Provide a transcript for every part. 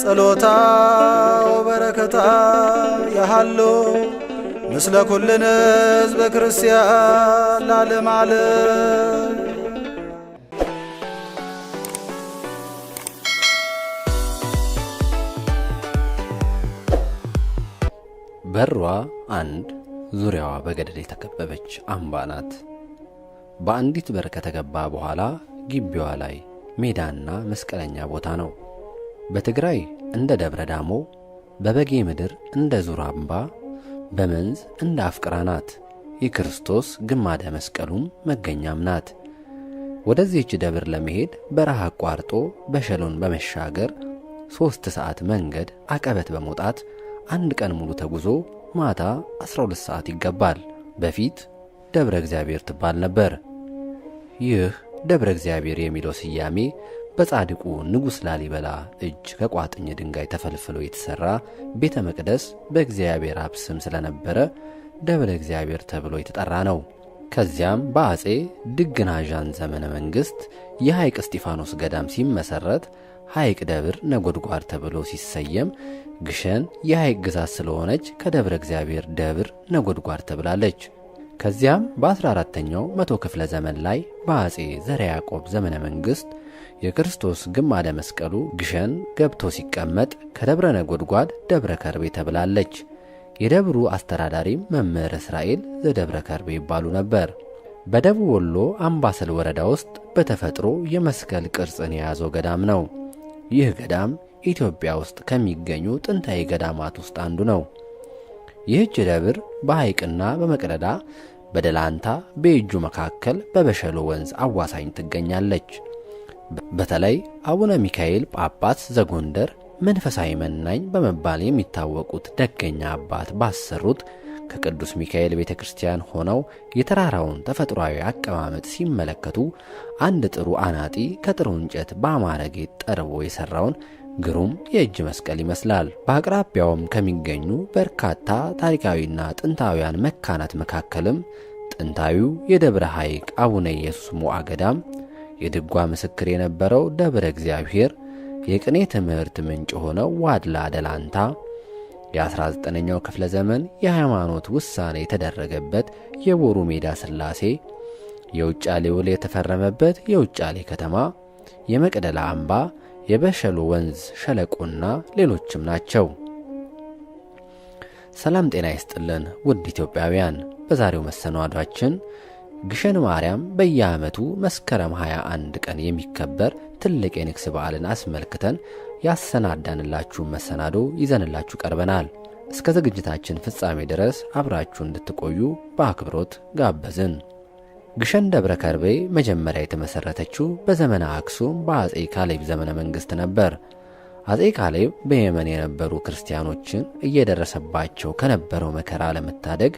ጸሎታ ወበረከታ ያሃሎ ምስለ ኩልን ሕዝበ ክርስቲያን ዓለም በሯ አንድ ዙሪያዋ በገደል የተከበበች አምባ ናት። በአንዲት በር ከተገባ በኋላ ግቢዋ ላይ ሜዳና መስቀለኛ ቦታ ነው። በትግራይ እንደ ደብረ ዳሞ፣ በበጌ ምድር እንደ ዙራምባ፣ በመንዝ እንደ አፍቅራ ናት። የክርስቶስ ግማደ መስቀሉም መገኛም ናት። ወደዚህች ደብር ለመሄድ በረሃ አቋርጦ በሸሎን በመሻገር ሦስት ሰዓት መንገድ አቀበት በመውጣት አንድ ቀን ሙሉ ተጉዞ ማታ 12 ሰዓት ይገባል። በፊት ደብረ እግዚአብሔር ትባል ነበር። ይህ ደብረ እግዚአብሔር የሚለው ስያሜ በጻድቁ ንጉሥ ላሊበላ እጅ ከቋጥኝ ድንጋይ ተፈልፍሎ የተሠራ ቤተ መቅደስ በእግዚአብሔር አብ ስም ስለነበረ ደብረ እግዚአብሔር ተብሎ የተጠራ ነው። ከዚያም በአጼ ድግናዣን ዘመነ መንግሥት የሐይቅ እስጢፋኖስ ገዳም ሲመሠረት ሐይቅ ደብር ነጎድጓድ ተብሎ ሲሰየም ግሸን የሐይቅ ግዛት ስለሆነች ከደብረ እግዚአብሔር ደብር ነጎድጓድ ተብላለች። ከዚያም በ14ተኛው መቶ ክፍለ ዘመን ላይ በአጼ ዘረ ያዕቆብ ዘመነ መንግሥት የክርስቶስ ግማደ መስቀሉ ግሸን ገብቶ ሲቀመጥ ከደብረ ነጎድጓድ ደብረ ከርቤ ተብላለች። የደብሩ አስተዳዳሪም መምህር እስራኤል ዘደብረ ከርቤ ይባሉ ነበር። በደቡብ ወሎ አምባሰል ወረዳ ውስጥ በተፈጥሮ የመስቀል ቅርጽን የያዘው ገዳም ነው። ይህ ገዳም ኢትዮጵያ ውስጥ ከሚገኙ ጥንታዊ ገዳማት ውስጥ አንዱ ነው። ይህች ደብር በሐይቅና በመቅደላ በደላንታ በእጁ መካከል በበሸሎ ወንዝ አዋሳኝ ትገኛለች። በተለይ አቡነ ሚካኤል ጳጳስ ዘጎንደር መንፈሳዊ መናኝ በመባል የሚታወቁት ደገኛ አባት ባሰሩት ከቅዱስ ሚካኤል ቤተ ክርስቲያን ሆነው የተራራውን ተፈጥሯዊ አቀማመጥ ሲመለከቱ አንድ ጥሩ አናጢ ከጥሩ እንጨት በአማረ ጌጥ ጠርቦ የሠራውን ግሩም የእጅ መስቀል ይመስላል። በአቅራቢያውም ከሚገኙ በርካታ ታሪካዊና ጥንታውያን መካናት መካከልም ጥንታዊው የደብረ ሐይቅ አቡነ ኢየሱስ ሞዓ ገዳም የድጓ ምስክር የነበረው ደብረ እግዚአብሔር የቅኔ ትምህርት ምንጭ ሆነው ዋድላ ደላንታ የ19ኛው ክፍለ ዘመን የሃይማኖት ውሳኔ የተደረገበት የቦሩ ሜዳ ስላሴ የውጫሌ ውል የተፈረመበት የውጫሌ ከተማ፣ የመቅደላ አምባ፣ የበሸሎ ወንዝ ሸለቆና ሌሎችም ናቸው። ሰላም ጤና ይስጥልን ውድ ኢትዮጵያውያን፣ በዛሬው መሰናዷችን ግሸን ማርያም በየዓመቱ መስከረም 21 ቀን የሚከበር ትልቅ የንግስ በዓልን አስመልክተን ያሰናዳንላችሁን መሰናዶ ይዘንላችሁ ቀርበናል። እስከ ዝግጅታችን ፍጻሜ ድረስ አብራችሁ እንድትቆዩ በአክብሮት ጋበዝን። ግሸን ደብረ ከርቤ መጀመሪያ የተመሠረተችው በዘመነ አክሱም በአፄ ካሌብ ዘመነ መንግሥት ነበር። አጼ ካሌብ በየመን የነበሩ ክርስቲያኖችን እየደረሰባቸው ከነበረው መከራ ለመታደግ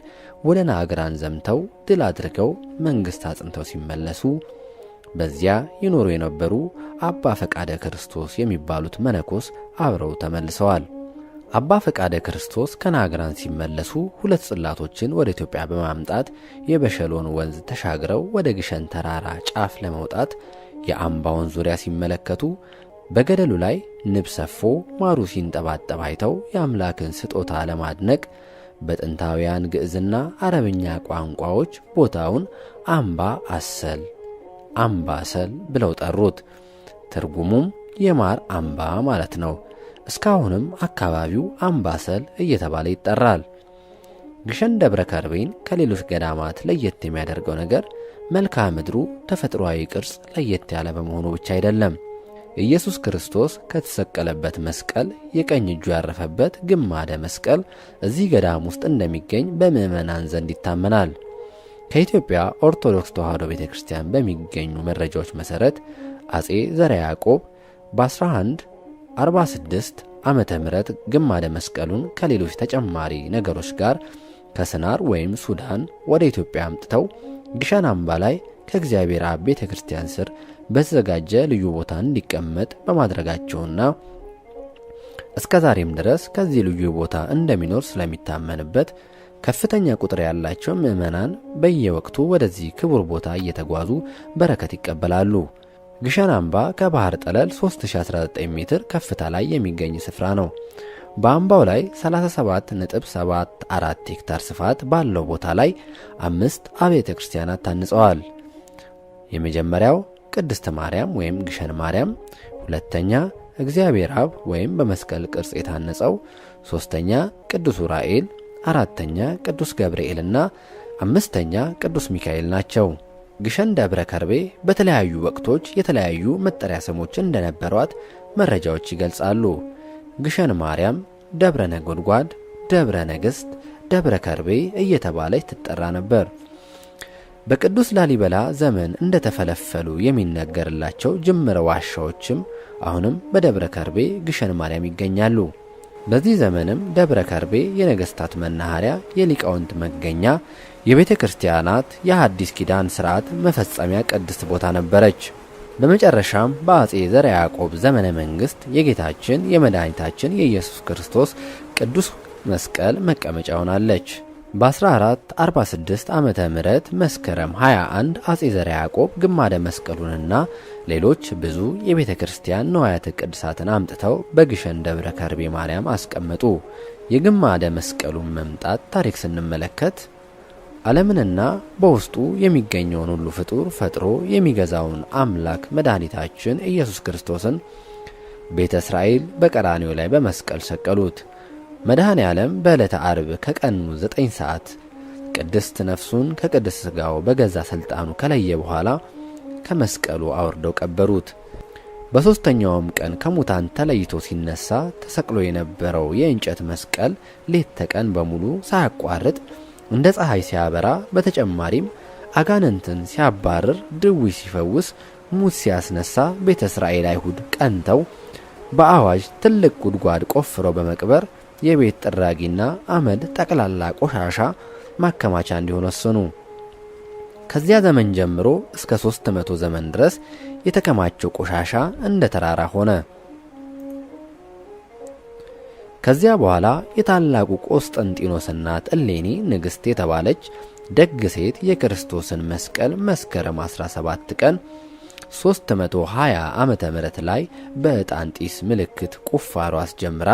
ወደ ናግራን ዘምተው ድል አድርገው መንግሥት አጽንተው ሲመለሱ በዚያ ይኖሩ የነበሩ አባ ፈቃደ ክርስቶስ የሚባሉት መነኮስ አብረው ተመልሰዋል። አባ ፈቃደ ክርስቶስ ከናግራን ሲመለሱ ሁለት ጽላቶችን ወደ ኢትዮጵያ በማምጣት የበሸሎን ወንዝ ተሻግረው ወደ ግሸን ተራራ ጫፍ ለመውጣት የአምባውን ዙሪያ ሲመለከቱ በገደሉ ላይ ንብ ሰፎ ማሩ ሲንጠባጠብ አይተው የአምላክን ስጦታ ለማድነቅ በጥንታውያን ግዕዝና አረብኛ ቋንቋዎች ቦታውን አምባ አሰል አምባሰል ብለው ጠሩት። ትርጉሙም የማር አምባ ማለት ነው። እስካሁንም አካባቢው አምባሰል እየተባለ ይጠራል። ግሸን ደብረ ከርቤን ከሌሎች ገዳማት ለየት የሚያደርገው ነገር መልክዓ ምድሩ ተፈጥሯዊ ቅርጽ ለየት ያለ በመሆኑ ብቻ አይደለም። ኢየሱስ ክርስቶስ ከተሰቀለበት መስቀል የቀኝ እጁ ያረፈበት ግማደ መስቀል እዚህ ገዳም ውስጥ እንደሚገኝ በምዕመናን ዘንድ ይታመናል። ከኢትዮጵያ ኦርቶዶክስ ተዋሕዶ ቤተ ክርስቲያን በሚገኙ መረጃዎች መሠረት አጼ ዘረ ያዕቆብ በ1146 ዓመተ ምሕረት ግማደ መስቀሉን ከሌሎች ተጨማሪ ነገሮች ጋር ከስናር ወይም ሱዳን ወደ ኢትዮጵያ አምጥተው ግሸን አምባ ላይ ከእግዚአብሔር አብ ቤተ ክርስቲያን ስር በተዘጋጀ ልዩ ቦታ እንዲቀመጥ በማድረጋቸውና እስከ ዛሬም ድረስ ከዚህ ልዩ ቦታ እንደሚኖር ስለሚታመንበት ከፍተኛ ቁጥር ያላቸው ምዕመናን በየወቅቱ ወደዚህ ክቡር ቦታ እየተጓዙ በረከት ይቀበላሉ። ግሸን አምባ ከባህር ጠለል 3019 ሜትር ከፍታ ላይ የሚገኝ ስፍራ ነው። በአምባው ላይ 37.74 ሄክታር ስፋት ባለው ቦታ ላይ አምስት አብያተ ክርስቲያናት ታንጸዋል። የመጀመሪያው ቅድስት ማርያም ወይም ግሸን ማርያም፣ ሁለተኛ እግዚአብሔር አብ ወይም በመስቀል ቅርጽ የታነጸው፣ ሦስተኛ ቅዱስ ራኤል አራተኛ ቅዱስ ገብርኤልና አምስተኛ ቅዱስ ሚካኤል ናቸው። ግሸን ደብረ ከርቤ በተለያዩ ወቅቶች የተለያዩ መጠሪያ ስሞች እንደነበሯት መረጃዎች ይገልጻሉ። ግሸን ማርያም፣ ደብረ ነጎድጓድ፣ ደብረ ነገሥት፣ ደብረ ከርቤ እየተባለች ትጠራ ነበር። በቅዱስ ላሊበላ ዘመን እንደተፈለፈሉ የሚነገርላቸው ጅምር ዋሻዎችም አሁንም በደብረ ከርቤ ግሸን ማርያም ይገኛሉ። በዚህ ዘመንም ደብረ ከርቤ የነገሥታት መናኸሪያ፣ የሊቃውንት መገኛ፣ የቤተ ክርስቲያናት የሐዲስ ኪዳን ሥርዓት መፈጸሚያ ቅድስት ቦታ ነበረች። በመጨረሻም በአጼ ዘረ ያዕቆብ ዘመነ መንግሥት የጌታችን የመድኃኒታችን የኢየሱስ ክርስቶስ ቅዱስ መስቀል መቀመጫ ሆናለች። በ1446 ዓ ም መስከረም 21 አጼ ዘርዓ ያዕቆብ ግማደ መስቀሉንና ሌሎች ብዙ የቤተ ክርስቲያን ንዋያተ ቅድሳትን አምጥተው በግሸን ደብረ ከርቤ ማርያም አስቀመጡ። የግማደ መስቀሉን መምጣት ታሪክ ስንመለከት ዓለምንና በውስጡ የሚገኘውን ሁሉ ፍጡር ፈጥሮ የሚገዛውን አምላክ መድኃኒታችን ኢየሱስ ክርስቶስን ቤተ እስራኤል በቀራኔው ላይ በመስቀል ሰቀሉት። መድኃኔ ዓለም በዕለተ አርብ ከቀኑ ዘጠኝ ሰዓት ቅድስት ነፍሱን ከቅድስት ሥጋው በገዛ ሥልጣኑ ከለየ በኋላ ከመስቀሉ አውርደው ቀበሩት። በሦስተኛውም ቀን ከሙታን ተለይቶ ሲነሳ ተሰቅሎ የነበረው የእንጨት መስቀል ሌት ተቀን በሙሉ ሳያቋርጥ እንደ ፀሐይ ሲያበራ፣ በተጨማሪም አጋንንትን ሲያባርር፣ ድዊ ሲፈውስ፣ ሙት ሲያስነሳ ቤተ እስራኤል አይሁድ ቀንተው በአዋጅ ትልቅ ጉድጓድ ቆፍረው በመቅበር የቤት ጥራጊና አመድ ጠቅላላ ቆሻሻ ማከማቻ እንዲሆን ወሰኑ። ከዚያ ዘመን ጀምሮ እስከ 300 ዘመን ድረስ የተከማቸው ቆሻሻ እንደ ተራራ ሆነ። ከዚያ በኋላ የታላቁ ቆስጠንጢኖስና ጥሌኒ ንግሥት የተባለች ደግ ሴት የክርስቶስን መስቀል መስከረም 17 ቀን 320 ዓመተ ምህረት ላይ በጣንጢስ ምልክት ቁፋሮ አስጀምራ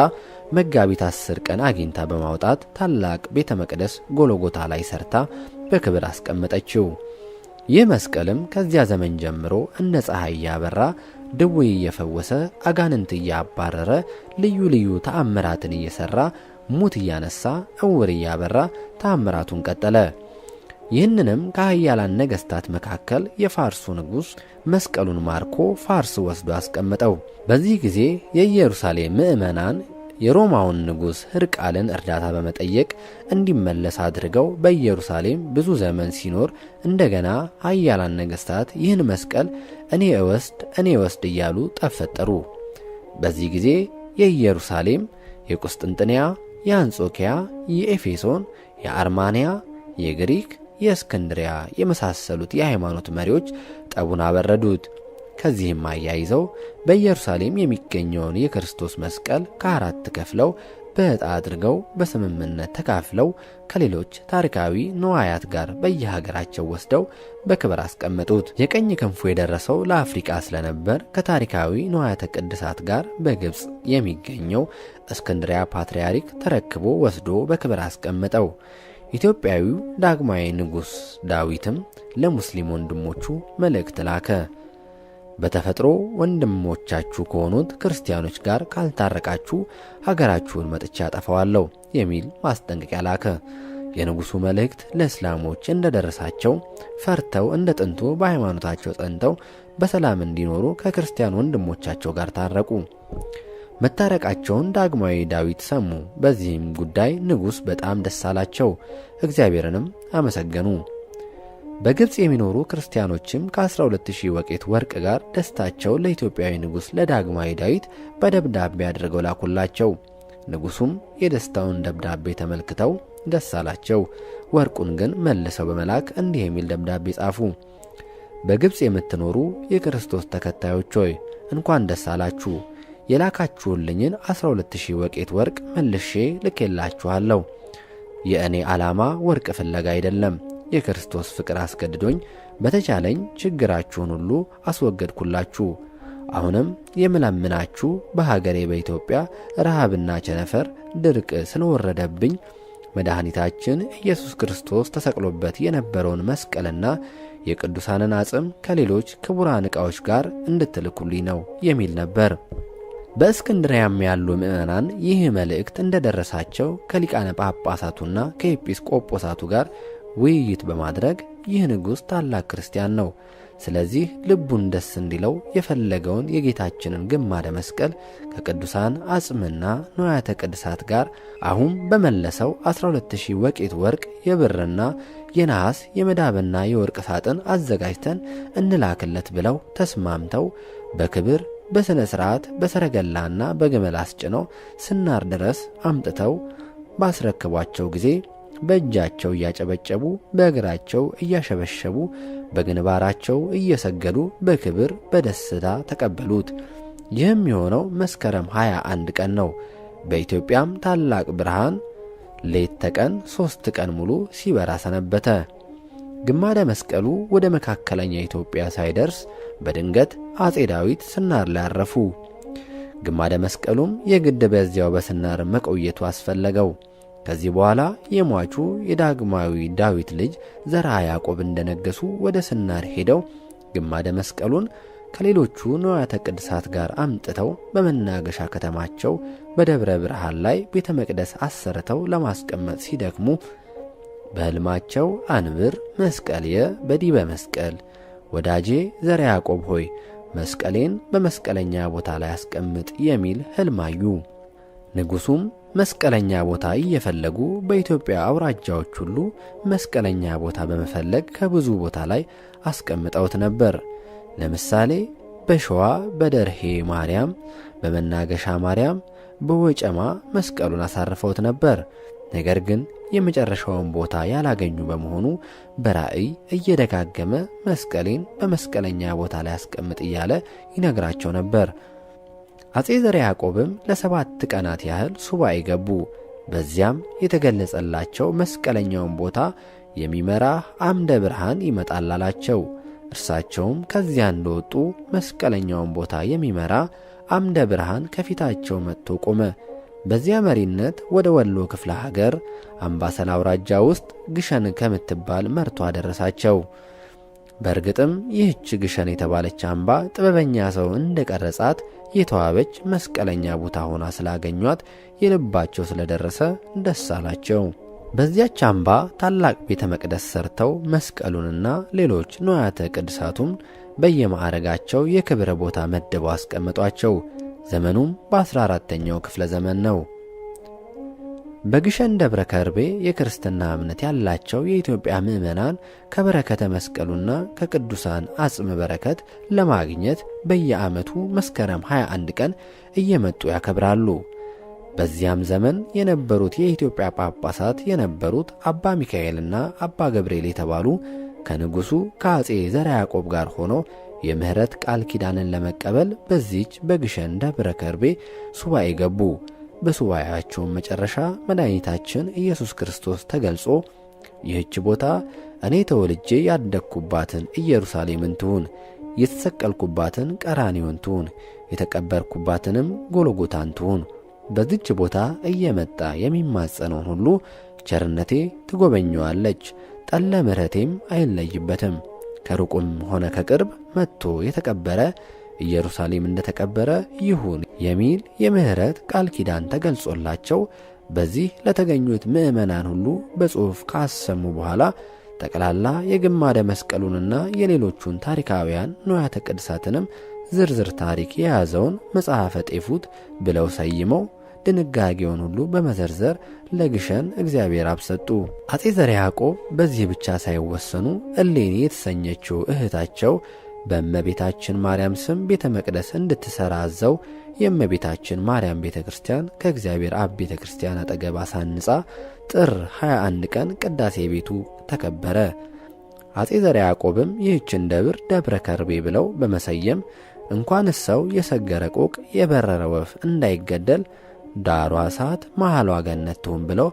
መጋቢት 10 ቀን አግኝታ በማውጣት ታላቅ ቤተ መቅደስ ጎሎጎታ ላይ ሰርታ በክብር አስቀመጠችው። ይህ መስቀልም ከዚያ ዘመን ጀምሮ እነ ፀሐይ እያበራ ድውይ እየፈወሰ አጋንንት እያባረረ ልዩ ልዩ ተአምራትን እየሰራ ሙት እያነሳ እውር እያበራ ተአምራቱን ቀጠለ። ይህንንም ከኃያላን ነገሥታት መካከል የፋርሱ ንጉሥ መስቀሉን ማርኮ ፋርስ ወስዶ አስቀመጠው። በዚህ ጊዜ የኢየሩሳሌም ምዕመናን የሮማውን ንጉሥ ሕርቃልን እርዳታ በመጠየቅ እንዲመለስ አድርገው በኢየሩሳሌም ብዙ ዘመን ሲኖር እንደገና ኃያላን ነገሥታት ይህን መስቀል እኔ እወስድ እኔ እወስድ እያሉ ጠፈጠሩ። በዚህ ጊዜ የኢየሩሳሌም፣ የቁስጥንጥንያ፣ የአንጾኪያ፣ የኤፌሶን፣ የአርማንያ፣ የግሪክ የእስክንድሪያ የመሳሰሉት የሃይማኖት መሪዎች ጠቡን አበረዱት። ከዚህም አያይዘው በኢየሩሳሌም የሚገኘውን የክርስቶስ መስቀል ከአራት ከፍለው በዕጣ አድርገው በስምምነት ተካፍለው ከሌሎች ታሪካዊ ንዋያት ጋር በየሀገራቸው ወስደው በክብር አስቀመጡት። የቀኝ ክንፉ የደረሰው ለአፍሪቃ ስለነበር ከታሪካዊ ንዋያተ ቅድሳት ጋር በግብፅ የሚገኘው እስክንድሪያ ፓትርያሪክ ተረክቦ ወስዶ በክብር አስቀመጠው። ኢትዮጵያዊው ዳግማዊ ንጉሥ ዳዊትም ለሙስሊም ወንድሞቹ መልእክት ላከ። በተፈጥሮ ወንድሞቻችሁ ከሆኑት ክርስቲያኖች ጋር ካልታረቃችሁ ሀገራችሁን መጥቻ አጠፋዋለሁ የሚል ማስጠንቀቂያ ላከ። የንጉሡ መልእክት ለእስላሞች እንደደረሳቸው ፈርተው እንደ ጥንቱ በሃይማኖታቸው ጸንተው በሰላም እንዲኖሩ ከክርስቲያን ወንድሞቻቸው ጋር ታረቁ። መታረቃቸውን ዳግማዊ ዳዊት ሰሙ። በዚህም ጉዳይ ንጉሥ በጣም ደስ አላቸው፣ እግዚአብሔርንም አመሰገኑ። በግብፅ የሚኖሩ ክርስቲያኖችም ከ12000 ወቄት ወርቅ ጋር ደስታቸውን ለኢትዮጵያዊ ንጉሥ ለዳግማዊ ዳዊት በደብዳቤ አድርገው ላኩላቸው። ንጉሡም የደስታውን ደብዳቤ ተመልክተው ደስ አላቸው። ወርቁን ግን መልሰው በመላክ እንዲህ የሚል ደብዳቤ ጻፉ። በግብፅ የምትኖሩ የክርስቶስ ተከታዮች ሆይ እንኳን ደስ አላችሁ የላካችሁልኝን 12000 ወቄት ወርቅ መልሼ ልኬላችኋለሁ። የእኔ ዓላማ ወርቅ ፍለጋ አይደለም። የክርስቶስ ፍቅር አስገድዶኝ በተቻለኝ ችግራችሁን ሁሉ አስወገድኩላችሁ። አሁንም የምለምናችሁ በሀገሬ በኢትዮጵያ ረሃብና ቸነፈር ድርቅ ስለወረደብኝ መድኃኒታችን ኢየሱስ ክርስቶስ ተሰቅሎበት የነበረውን መስቀልና የቅዱሳንን አጽም ከሌሎች ክቡራን ዕቃዎች ጋር እንድትልኩልኝ ነው የሚል ነበር። በእስክንድሪያም ያሉ ምዕመናን ይህ መልእክት እንደደረሳቸው ከሊቃነ ጳጳሳቱና ከኤጲስቆጶሳቱ ጋር ውይይት በማድረግ ይህ ንጉሥ ታላቅ ክርስቲያን ነው፣ ስለዚህ ልቡን ደስ እንዲለው የፈለገውን የጌታችንን ግማደ መስቀል ከቅዱሳን አጽምና ንዋያተ ቅድሳት ጋር አሁን በመለሰው 120 ወቄት ወርቅ የብርና የነሐስ የመዳብና የወርቅ ሳጥን አዘጋጅተን እንላክለት ብለው ተስማምተው በክብር በሥነ ሥርዓት በሰረገላና በገመል አስጭነው ስናር ድረስ አምጥተው ባስረክቧቸው ጊዜ በእጃቸው እያጨበጨቡ በእግራቸው እያሸበሸቡ በግንባራቸው እየሰገዱ በክብር በደስታ ተቀበሉት። ይህም የሆነው መስከረም 21 ቀን ነው። በኢትዮጵያም ታላቅ ብርሃን ሌት ተቀን ሦስት ቀን ሙሉ ሲበራ ሰነበተ። ግማደ መስቀሉ ወደ መካከለኛ ኢትዮጵያ ሳይደርስ በድንገት አጼ ዳዊት ስናር ላይ አረፉ። ግማደ መስቀሉም የግድ በዚያው በስናር መቆየቱ አስፈለገው። ከዚህ በኋላ የሟቹ የዳግማዊ ዳዊት ልጅ ዘርዓ ያዕቆብ እንደነገሱ ወደ ስናር ሄደው ግማደ መስቀሉን ከሌሎቹ ንዋያተ ቅድሳት ጋር አምጥተው በመናገሻ ከተማቸው በደብረ ብርሃን ላይ ቤተ መቅደስ አሰርተው ለማስቀመጥ ሲደክሙ በሕልማቸው አንብር መስቀልየ በዲበ መስቀል፣ ወዳጄ ዘረ ያዕቆብ ሆይ መስቀሌን በመስቀለኛ ቦታ ላይ አስቀምጥ የሚል ህልማዩ ንጉሱም ንጉሡም መስቀለኛ ቦታ እየፈለጉ በኢትዮጵያ አውራጃዎች ሁሉ መስቀለኛ ቦታ በመፈለግ ከብዙ ቦታ ላይ አስቀምጠውት ነበር። ለምሳሌ በሸዋ በደርሄ ማርያም፣ በመናገሻ ማርያም፣ በወጨማ መስቀሉን አሳርፈውት ነበር። ነገር ግን የመጨረሻውን ቦታ ያላገኙ በመሆኑ በራእይ እየደጋገመ መስቀሌን በመስቀለኛ ቦታ ላይ አስቀምጥ እያለ ይነግራቸው ነበር። አጼ ዘር ያዕቆብም ለሰባት ቀናት ያህል ሱባኤ ገቡ። በዚያም የተገለጸላቸው መስቀለኛውን ቦታ የሚመራ አምደ ብርሃን ይመጣል አላቸው። እርሳቸውም ከዚያ እንደወጡ መስቀለኛውን ቦታ የሚመራ አምደ ብርሃን ከፊታቸው መጥቶ ቆመ። በዚያ መሪነት ወደ ወሎ ክፍለ ሀገር አምባሰል አውራጃ ውስጥ ግሸን ከምትባል መርቶ አደረሳቸው። በእርግጥም ይህች ግሸን የተባለች አምባ ጥበበኛ ሰው እንደ ቀረጻት የተዋበች መስቀለኛ ቦታ ሆና ስላገኟት የልባቸው ስለደረሰ ደስ አላቸው። በዚያች አምባ ታላቅ ቤተ መቅደስ ሰርተው መስቀሉንና ሌሎች ንዋያተ ቅድሳቱን በየማዕረጋቸው የክብረ ቦታ መድበው አስቀምጧቸው። ዘመኑም በ14ተኛው ክፍለ ዘመን ነው። በግሸን ደብረ ከርቤ የክርስትና እምነት ያላቸው የኢትዮጵያ ምዕመናን ከበረከተ መስቀሉና ከቅዱሳን አጽም በረከት ለማግኘት በየዓመቱ መስከረም 21 ቀን እየመጡ ያከብራሉ። በዚያም ዘመን የነበሩት የኢትዮጵያ ጳጳሳት የነበሩት አባ ሚካኤልና አባ ገብርኤል የተባሉ ከንጉሡ ከአጼ ዘራ ያዕቆብ ጋር ሆነው የምህረት ቃል ኪዳንን ለመቀበል በዚች በግሸን ደብረ ከርቤ ሱባኤ ገቡ። በሱባኤያቸውን መጨረሻ መድኃኒታችን ኢየሱስ ክርስቶስ ተገልጾ ይህች ቦታ እኔ ተወልጄ ያደግኩባትን ኢየሩሳሌምን ትሁን፣ የተሰቀልኩባትን ቀራንዮን ትሁን፣ የተቀበርኩባትንም ጎልጎታን ትሁን። በዚች ቦታ እየመጣ የሚማጸነውን ሁሉ ቸርነቴ ትጎበኘዋለች፣ ጠለ ምሕረቴም አይለይበትም። ከሩቁም ሆነ ከቅርብ መጥቶ የተቀበረ ኢየሩሳሌም እንደተቀበረ ይሁን የሚል የምሕረት ቃል ኪዳን ተገልጾላቸው በዚህ ለተገኙት ምእመናን ሁሉ በጽሑፍ ካሰሙ በኋላ ጠቅላላ የግማደ መስቀሉንና የሌሎቹን ታሪካውያን ንዋያተ ቅድሳትንም ዝርዝር ታሪክ የያዘውን መጽሐፈ ጤፉት ብለው ሰይመው ድንጋጌውን ሁሉ በመዘርዘር ለግሸን እግዚአብሔር አብ ሰጡ። አጼ ዘርዓ ያዕቆብ በዚህ ብቻ ሳይወሰኑ እሌኒ የተሰኘችው እህታቸው በእመቤታችን ማርያም ስም ቤተ መቅደስ እንድትሠራ አዘው የእመቤታችን ማርያም ቤተ ክርስቲያን ከእግዚአብሔር አብ ቤተ ክርስቲያን አጠገብ አሳንጻ ጥር 21 ቀን ቅዳሴ ቤቱ ተከበረ። አጼ ዘርዓ ያዕቆብም ይህችን ደብር ደብረ ከርቤ ብለው በመሰየም እንኳንስ ሰው የሰገረ ቆቅ የበረረ ወፍ እንዳይገደል ዳሯ እሳት መሐሏ ገነት ትሁን ብለው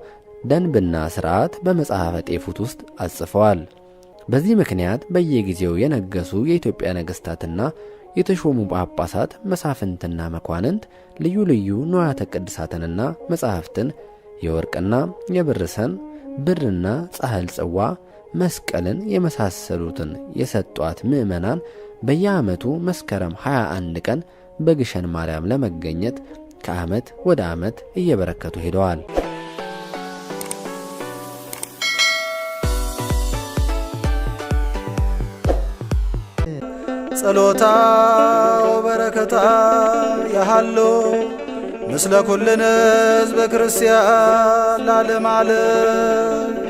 ደንብና ሥርዓት በመጽሐፈ ጤፉት ውስጥ አጽፈዋል። በዚህ ምክንያት በየጊዜው የነገሱ የኢትዮጵያ ነገሥታትና የተሾሙ ጳጳሳት፣ መሳፍንትና መኳንንት ልዩ ልዩ ንዋያተ ቅድሳትንና መጻሕፍትን የወርቅና የብርሰን ብርና ጻሕል ጽዋ፣ መስቀልን የመሳሰሉትን የሰጧት ምዕመናን በየዓመቱ መስከረም 21 ቀን በግሸን ማርያም ለመገኘት ከዓመት ወደ ዓመት እየበረከቱ ሄደዋል። ጸሎታ ወበረከታ ያሃሎ ምስለ ኩልነ ህዝበ ክርስቲያን ላለም ዓለም